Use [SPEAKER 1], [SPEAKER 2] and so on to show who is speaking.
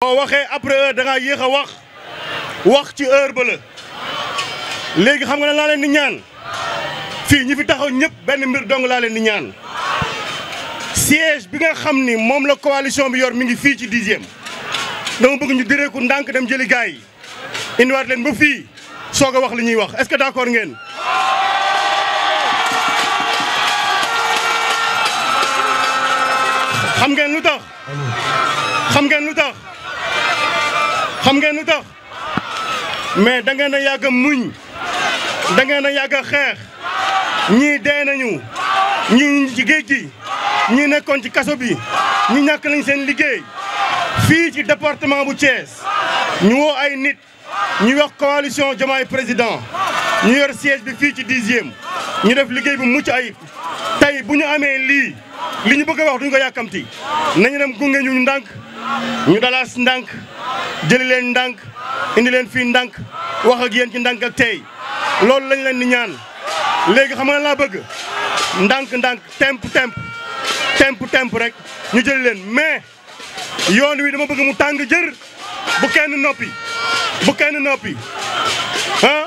[SPEAKER 1] boo waxee après heure da yéex a wax wax ci heure ba la léegi xam nga ne laa leen di ñaan fii ñi fi taxaw ñëpp benn mbir dong laa leen di ñaan siège bi nga xam ni moom la coalition bi yor mi ngi fii ci dixième dama bëgg ñu direeku ndànk dem jëli gaay yi indiwaat leen ba fii soog a wax li ñuy wax est-ce que d'accord ngeen xam ngeen lu tax xam ngeen lu tax xam ngeen lu tax mais da ngeen a yàgg muñ da ngeen a yàgg a xeex ñii dee nañu ñii ci géej gi ñii nekkoon ci kaso bi ñi ñàkk nañ seen liggéey fii ci département bu Thiès ñu woo ay nit ñu wax coalition Diomaye président ñu yor siège bi fii ci dixième ñu def liggéey bu mucc ayib tey bu ñu amee lii li ñu bëgg a wax duñ ko yàkkamti nañu dem gunge ñu ndànk ñu dalaas ndànk jëli leen ndànk indi leen fii ndànk wax ak yéen ci ndànk ak tey loolu lañ leen di ñaan léegi xam nga laa bëgg ndànk ndànk temp temp temp temp rek ñu jëli leen mais yoon wi dama bëgg mu tàng jër bu kenn noppi bu kenn noppi ah